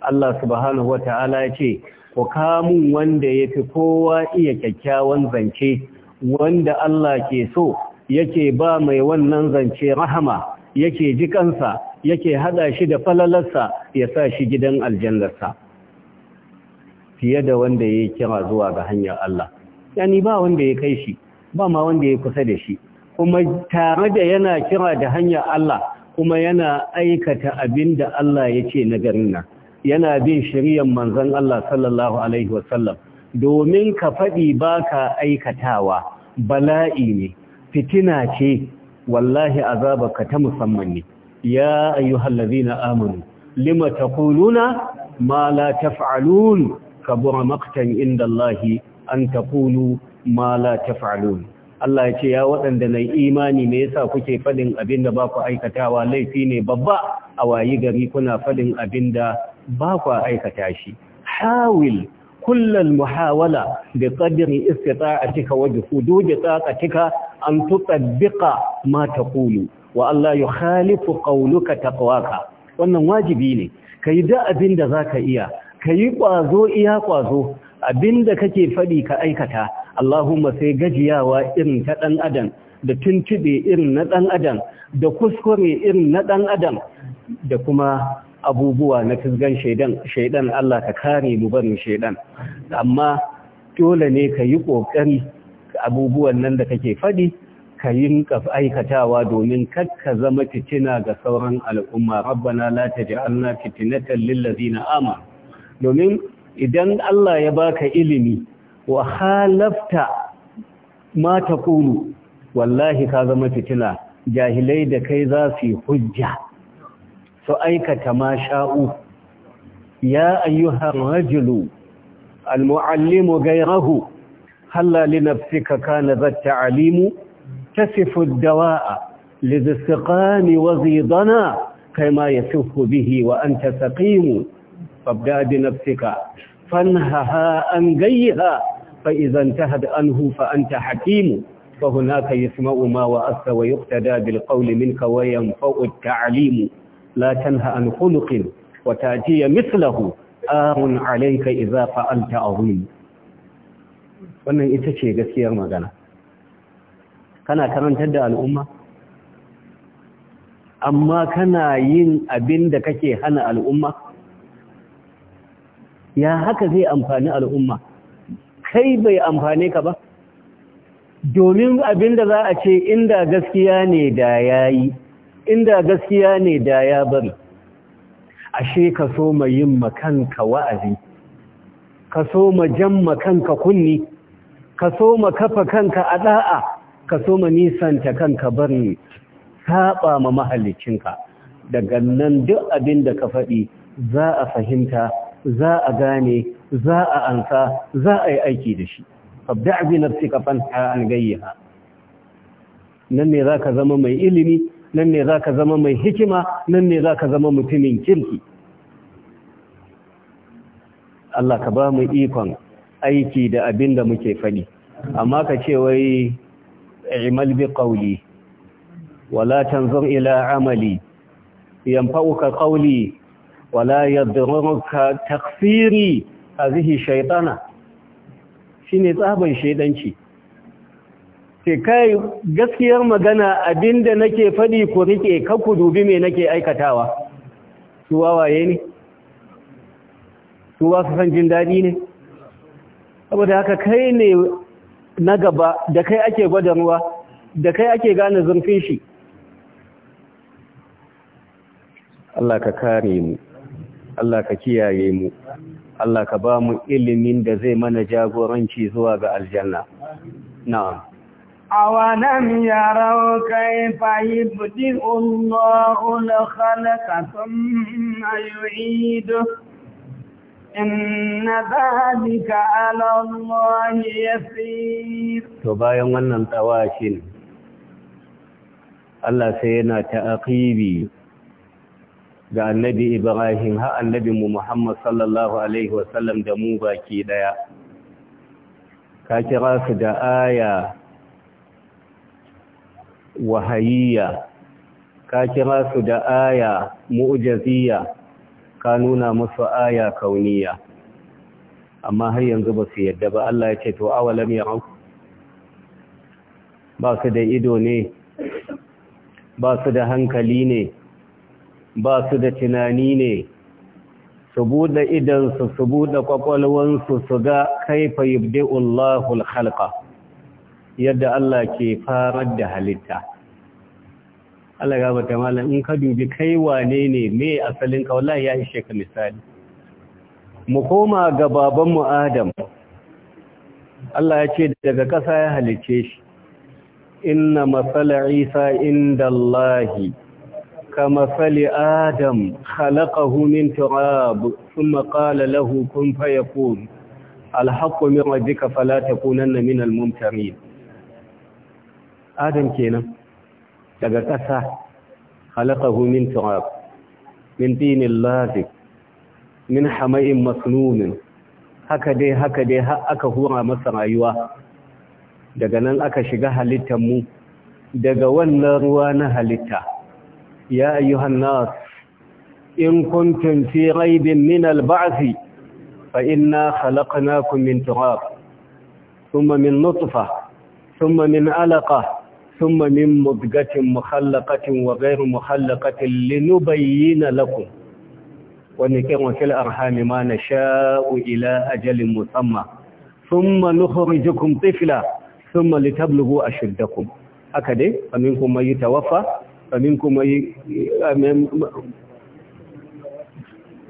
Allah subhanahu wata'ala yace ku kamun wanda yafi kowa iya kyakkyawan zance wanda Allah ke so yake ba mai wannan zance rahama yake ji kansa, yake hada shi da falalarsa ya sa shi gidan aljannarsa fiye da wanda ya kira zuwa ga hanyar Allah yani ba wanda ya kai shi ba ma wanda ya kusa da shi kuma tare da yana kira da hanyar Allah kuma yana aikata abin da Allah ya ce na garin nan yana bin shiriyar manzon Allah sallallahu alaihi wasallam domin ka faɗi ba ka aikatawa bala'i ne fitina ce wallahi azabaka ta musamman ne ya ladina amanu lima taquluna ma la taf'alun kabura maqtan indallahi an taqulu ma la taf'alun Allah ya ce ya waɗanda na imani me yasa kuke fadin abin da ba ku aikatawa laifi ne babba a wayi gari kuna fadin abin da ba ku aikata shi hawil كل المحاولة بقدر استطاعتك وجهود طاقتك أن تطبق ما wa allah يخالف قولك تقواك wannan wajibi ne kai da abinda zaka iya kai kwazo iya kwazo abinda kake fadi ka aikata Allahumma sai gajiyawa irin ta dan adam da tuntube irin na dan adam da kuskure irin na dan adam da kuma abubuwa na fisgan shaidan Allah ka kare mu barin shaidan amma dole ne ka yi ƙoƙari abubuwan nan da kake faɗi ka yi aikatawa domin kakka zama fitina ga sauran al'umma rabbana la taj'alna fitnatan lil ladzina ama, domin idan Allah ya baka ilimi wa halafta ma taqulu wallahi ka zama fitina jahilai da kai za su hujja su aikata ma sha'u ya ayyuhar rajulu al-mu'allimu gairahu halla li nafsika kana zatta alimu tasifu ad-dawa'a lizistiqani wa zidana kama yasifu bihi wa anta saqimu fabda bi nafsika fanhaha an gayha fa idza intahad anhu fa anta hakimu فهناك يسمع ما وأث ويقتدى بالقول منك وينفع التعليم لا تنهى عن خلق wa مثله mithlahu عليك alayka idza fa'alta wannan ita ce gaskiyar magana kana karantar da al'umma amma kana yin abin da kake hana al'umma ya haka zai amfani al'umma kai bai amfane ka ba domin abin da za a ce inda gaskiya ne da yayi inda gaskiya ne da ya bari ashe ka so ma yin makanka wa'azi ka so ma jan makanka kunni ka so ma kafa kanka a da'a ka so ma nisanta kanka bari saɓa ma mahallicinka daga nan duk abin da ka faɗi za a fahimta za a gane za a ansa za a yi aiki da shi fabda abin nafsi ka fanta an gayyaha nan ne za ka zama mai ilimi nan ne za ka zama mai hikima nan ne za ka zama mutumin kirki Allah ka ba mu ikon aiki da abin da muke faɗi amma ka ce wai imal bi qawli wala tanzur ila amali yanfa'uka qawli wala yadurruka takfiri hazihi shaytana shine tsaban shaidanci ce kai gaskiyar magana abinda nake faɗi ku rike ka ku dubi me nake aikatawa su wawaye ne su wasu san jin daɗi ne saboda haka kai ne na gaba da kai ake gwada ruwa da kai ake gane zurfin shi Allah ka kare mu Allah ka kiyaye mu Allah ka ba mu ilimin da zai mana jagoranci zuwa ga aljanna na'am أولم يروا كيف يبدئ الله الخلق ثم يعيده inna zalika ala Allah yasir to bayan wannan tsawashin Allah sai yana ta'aqibi ga annabi Ibrahim ha annabi mu Muhammad sallallahu alaihi wasallam da mu baki ɗaya. ka kira su da aya wahayiyya ka kira su da aya mu'jaziyya ka nuna musu aya kauniyya amma har yanzu ba su yadda ba Allah ya ce to awalam ya'u ba su da ido ne ba su da hankali ne ba su da tunani ne su buɗe idansu su buɗe ƙwaƙwalwansu su ga kaifa yubdi'ullahu al yadda Allah ke farar da halitta Allah ga bata malam in ka dubi kai wane ne me asalin ka wallahi ya ishe ka misali mu koma ga baban mu Adam Allah ya ce daga ƙasa ya halice shi inna masala Isa indallahi adam آدم خلقه turab تراب ثم lahu له كن فيكون الحق من ربك فلا تكونن من الممترين adam kenan daga ƙasa khalaqahu min turab min dinin lazik min hama'in masnunin haka dai haka dai har aka hura masa rayuwa daga nan aka shiga halittar mu daga wannan ruwa na halitta ya ayyuhan in kuntum fi raibin min al-ba'th fa inna khalaqnakum min turab thumma min nutfa thumma min alaqa ثم من مدقة مخلقة وغير مخلقة لنبين لكم ونكر في الأرحام ما نشاء إلى أجل مسمى ثم نخرجكم طفلا ثم لتبلغوا أشدكم أكده فمنكم من يتوفى فمنكم من ي...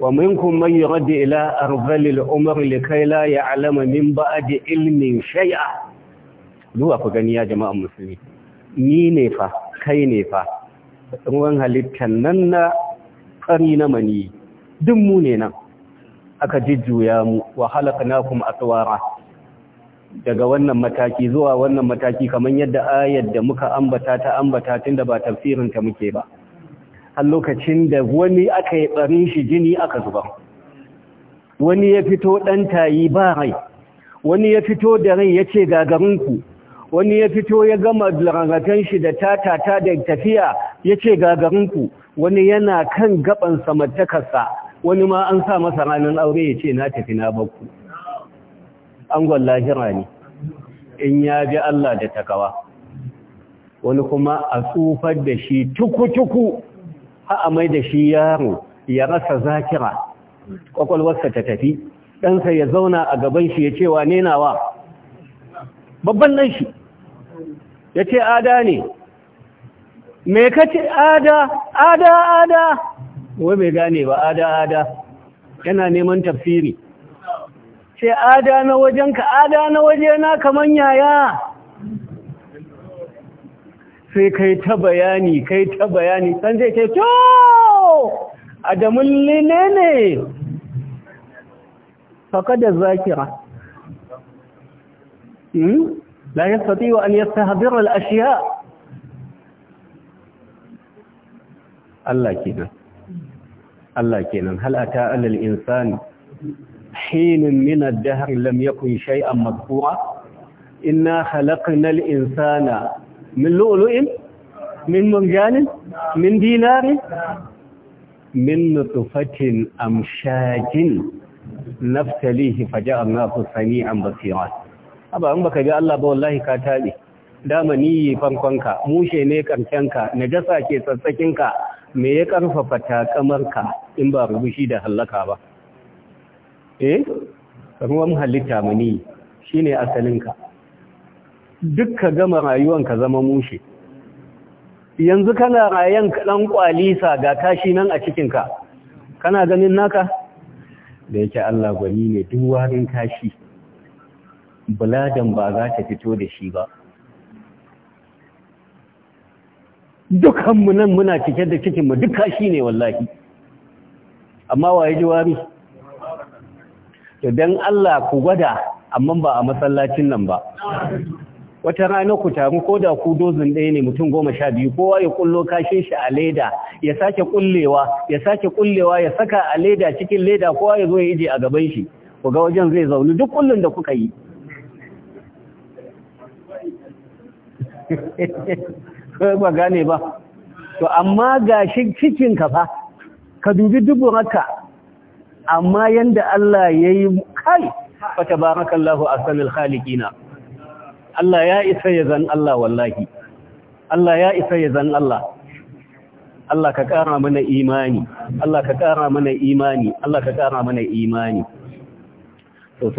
ومنكم من يرد إلى أرذل الأمر لكي لا يعلم من بعد علم شيئا دوا ku يا جماعة المسلمين ni ne fa kai ne fa ruwan halittar nan na ƙari na mani duk mu ne nan aka jujjuya mu wa halaknakum atwara daga wannan mataki zuwa wannan mataki kamar yadda ayar da muka ambata ta ambata tunda ba tafsirin ta muke ba har lokacin da wani aka yi barin shi jini aka zuba wani ya fito dan tayi ba rai wani ya fito da rai yace gagarinku wani ya fito ya gama rangatan shi da tatata da tafiya ya ce gagarinku wani yana kan gaban samartakarsa wani ma an sa masa ranar aure ya ce na tafi na bakku an gwalla jira ne in ya bi Allah da takawa wani kuma a tsufar da shi tuku-tuku ha'a mai da shi yaro ya rasa zakira kwakwalwarsa ta tafi ɗansa ya zauna a gaban shi ya cewa nenawa babban nan shi ya ce ada ne me ka ce ada ada ada wai bai gane ba ada ada yana neman tafsiri ce ada na wajenka ada na wajena kamar yaya sai kai ta bayani kai ta bayani san zai ce to adamun lile ne faka da zakira hmm? لا يستطيع أن يستهدر الأشياء الله كنا الله كنا هل أتى على الإنسان حين من الدهر لم يكن شيئا مذكورا إنا خلقنا الإنسان من لؤلؤ من مرجان من دينار من نطفة أمشاج نفتليه الناس سميعا بصيرا aba in baka bi Allah ba wallahi ka tabe dama ni fankonka mushe ne karshenka najasa ke tsatsakinka me ya karfafa ka in ba rubushi da hallaka ba eh ruwan halitta mani shine asalinka dukka gama ka zama mushe yanzu kana rayan ɗan kwalisa ga kashi nan a cikinka kana ganin naka da yake Allah gwani ne duk warin kashi buladan ba za ta fito da shi ba dukanmu nan muna cike da cikinmu duka shi ne wallahi amma waye jawabi to dan Allah ku gwada amma ba a masallacin nan ba wata rana ku taru ko da ku dozin ɗaya ne mutum goma sha biyu kowa ya kullo kashin shi a leda ya sake kullewa ya sake kullewa ya saka a leda cikin leda kowa ya zo ya ije a gaban shi ku ga wajen zai zaune duk kullum da kuka yi kai ba gane ba to amma ga shi cikin ka fa ka dubi dubu duburarka amma yanda Allah yayi kai fa tabarakallahu asalil halikina? Allah ya isa ya zan Allah wallahi Allah ya isa ya zan Allah Allah ka ƙara mana imani Allah ka kara mana imani Allah ka ƙara mana imani to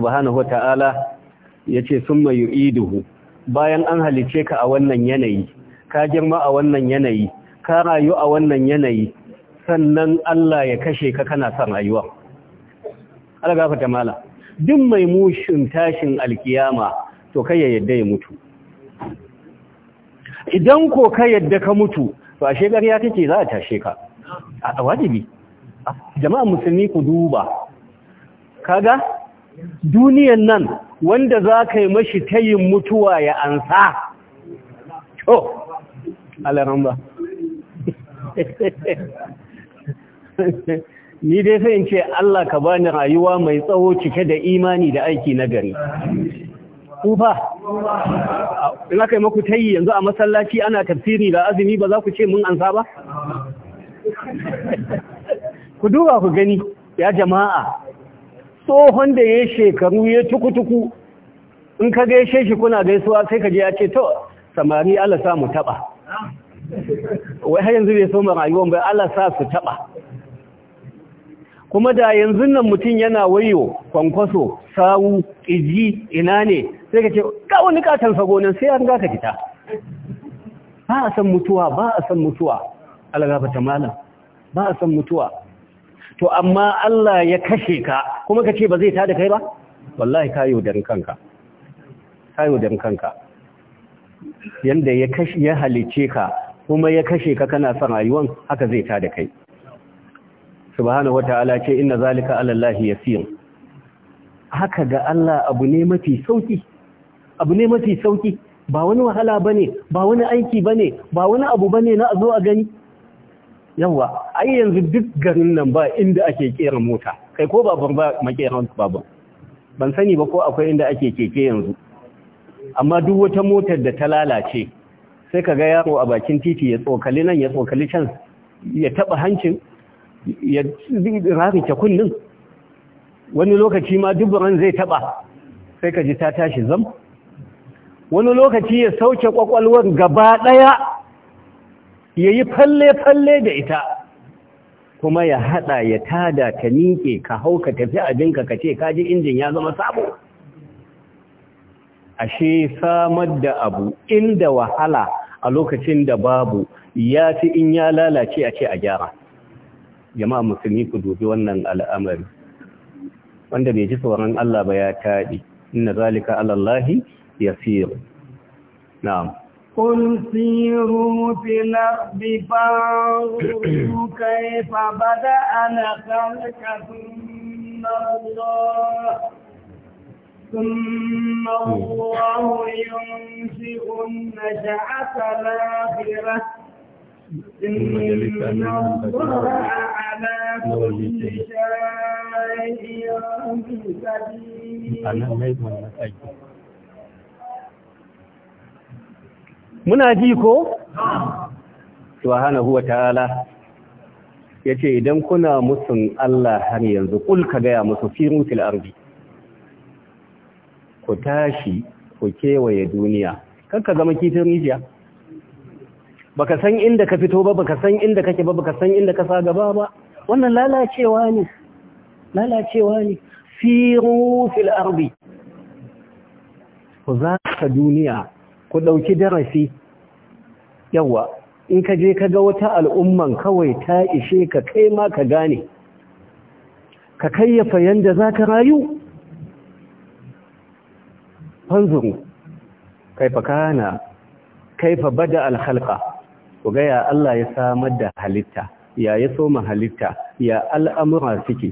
yace summa yu'iduhu bayan an halice ka a wannan yanayi ka girma a wannan yanayi ka rayu a wannan yanayi sannan Allah ya kashe ka kana san rayuwa Allah ta mala duk mai mushin tashin alkiyama to kai ya yadda ya mutu idan ko ka yadda ka mutu to a shegar ya kake za a tashe ka a wajibi jama'a musulmi ku duba kaga duniyan nan wanda za ka yi mashi tayin mutuwa ya ansa alaran ba <laughs> ni dai sai in ce Allah ka bani rayuwa mai tsawo cike da imani da aiki na gari kufa in aka yi maku tayi yanzu a masallaci ana tafsiri da azumi ba za ku ce mun ansa ba <laughs> ku duba ku gani ya jama'a tsohon da ya shekaru ya tukutuku in ka gaishe shi kuna gaisuwa sai ka je ya ce to samari Allah sa mu taba wai har yanzu bai so mu rayuwa ba Allah sa su taba kuma da yanzu nan mutum yana wayo kwankwaso sawu ƙiji ina ne sai ka ce ka wani sago sagonin sai an ka fita ba a san mutuwa ba a san mutuwa ga ta malam ba a san mutuwa to amma Allah ya kashe ka kuma ka ce ba zai tada kai ba wallahi ka yi kanka ka kanka yanda ya kashe ya halice ka kuma ya kashe ka kana son rayuwan haka zai tada kai subhanahu wataala ce inna zalika alallahi ya yasir haka ga Allah abu ne mafi sauki abu ne mafi sauki ba wani wahala bane ba wani aiki bane ba wani abu bane na zo a gani yawa ai yanzu duk garin nan ba inda ake kera mota kai ko babur ba makeran babur ban sani ba ko akwai inda ake keke yanzu amma duk wata motar da ta lalace sai ka ga yaro a bakin titi ya tsokali nan ya tsokali can ya taba hancin ya rarike kunnin wani lokaci ma duburan zai taba sai ka ji ta tashi zam wani lokaci ya sauke kwakwalwar gaba daya ya yi falle-falle da ita kuma ya haɗa ya tada ta ninke ka hau ka tafi abinka ka ce kaji injin ya zama sabo ashe samar da abu inda wahala a lokacin da babu ya fi in ya lalace a ce a gyara jama'a musulmi ku dubi wannan al'amari wanda bai ji tsoron Allah ba ya taɗi inna zalika alallahi yasir na'am قل سيروا في الأرض فانظروا كيف بدأنا خلق ثم الله ثم الله ينشئ النشأة الآخرة إن الله على كل شيء قدير muna ji ko subhanahu wa ta'ala yace idan kuna musun Allah har yanzu kul ka gaya musu firutil ardi ku tashi ku kewaye duniya kanka zama kifin rijiya baka san inda ka fito ba baka san inda kake ba baka san inda ka sa gaba ba wannan lalacewa ne lalacewa ne firu fil ardi ku za ka duniya ku ɗauki darasi yawa in ka je ka ga wata al'umman kawai ta ishe ka kai ma ka gane ka kayyafa yadda za ka rayu fanzuru kaifa kana kaifa bada alhalka ku gaya Allah ya samar da halitta ya ya soma halitta ya al'amura suke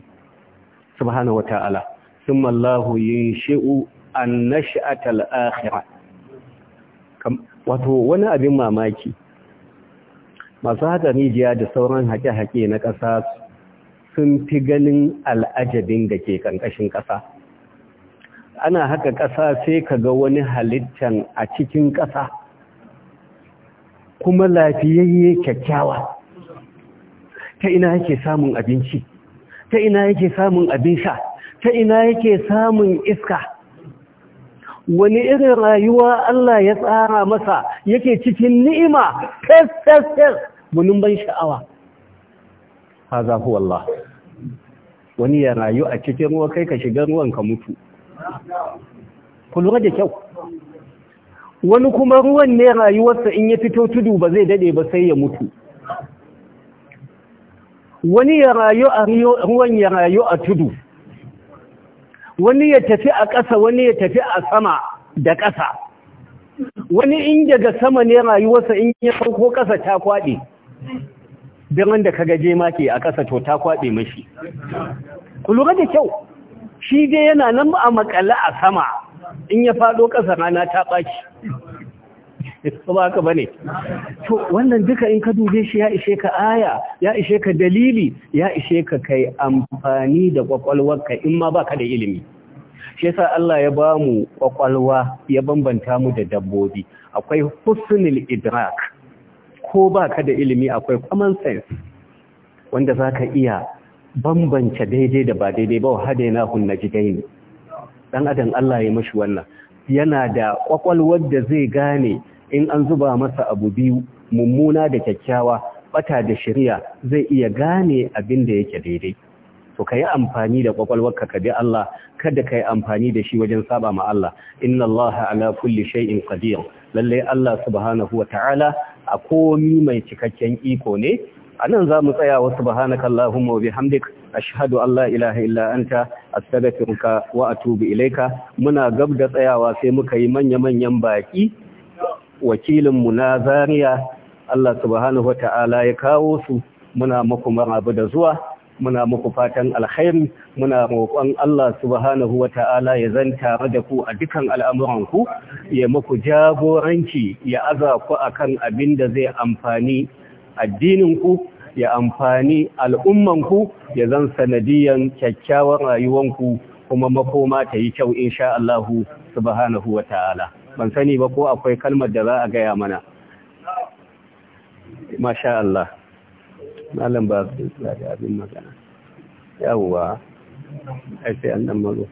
subhanahu wata'ala sun mallahu yin shi'u an nashi'atal akhirah wato wani abin mamaki masu haka rijiya da sauran haƙe-haƙe na ƙasa sun fi ganin al'ajabin da ke ƙanƙashin ƙasa ana haka ƙasa sai ka ga wani halittan a cikin ƙasa kuma lafiyayye kyakkyawa ta ina yake samun abinci ta ina yake samun abin sha ta ina yake samun iska wani irin rayuwa Allah ya tsara masa yake cikin ni'ima fes fes fes ban sha'awa za ku Allah wani ya rayu a cikin ruwa kai ka shiga ruwan ka mutu ku lura da kyau wani kuma ruwan ne rayuwarsa in ya fito tudu ba zai dade ba sai ya mutu wani ya rayu a ruwan ya rayu a tudu wani ya tafi a ƙasa wani ya tafi a sama da ƙasa wani in daga sama ne rayuwarsa in ya sauko ƙasa ta kwaɗe biran da ka gaje maki a ƙasa to ta kwaɗe mashi ku lura da kyau shi dai yana nan a makalla a sama in ya faɗo ƙasa rana ta ɓaci ko ba haka bane to wannan duka in ka dube shi ya ishe ka aya ya ishe ka dalili ya ishe ka kai amfani da ka in ma baka da ilimi shi yasa Allah ya ba mu kwakwalwa ya bambanta mu da dabbobi akwai husnul idrak ko baka da ilimi akwai common sense wanda zaka iya bambance daidai da ba daidai ba wa hadaina hun najidaini dan adam Allah ya mashi wannan yana da kwakwalwar da zai gane in an zuba masa abu biyu mummuna da kyakkyawa bata da shari'a zai iya gane abin da yake daidai to ka yi amfani da kwakwalwarka ka bi Allah kada ka yi amfani da shi wajen saba ma Allah inna Allah ala kulli shay'in qadir lalle Allah subhanahu wata'ala a komi mai cikakken iko ne anan za mu tsaya wa subhanaka allahumma wa bihamdik ashhadu an la ilaha illa anta astaghfiruka wa atubu ilaika muna gab da tsayawa sai muka yi manya manyan baki wakilinmu na Zaria Allah subhanahu wata'ala ya kawo su muna muku marabu da zuwa muna muku fatan alkhairi muna roƙon Allah subhanahu wata'ala ya zanta da ku a dukan al'amuranku ya muku jagoranci ya aza ku akan abin da zai amfani addininku ya amfani al'ummanku ya zan sanadiyan kyakkyawar rayuwanku kuma makoma ta yi kyau insha Allahu subhanahu wa ta'ala. ban sani ba ko akwai kalmar da za a gaya mana masha Allah malam ba su da abin magana yawwa an mazo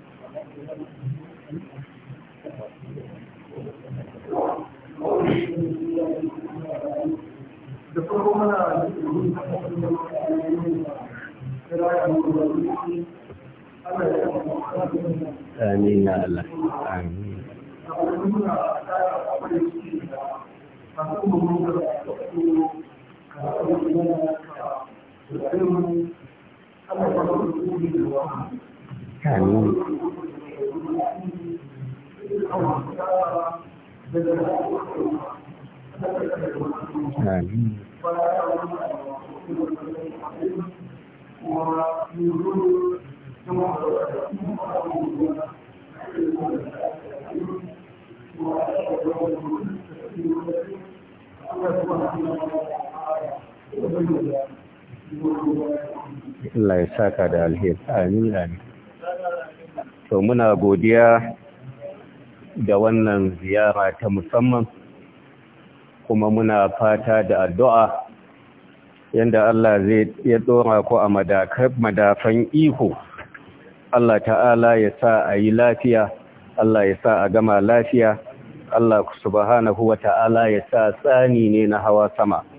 Allah. Amin. da wani nuna tsara da da ka abin da yana ka da ba da Thank you. Allah ya saka da alheri amin amin to muna godiya da wannan ziyara ta musamman kuma muna fata da addu'a yanda Allah zai ya dora ku a madafan iko Allah ta'ala ya sa a yi lafiya Allah ya sa a gama lafiya Allah subhanahu wa ta'ala ya sa tsani ne na hawa sama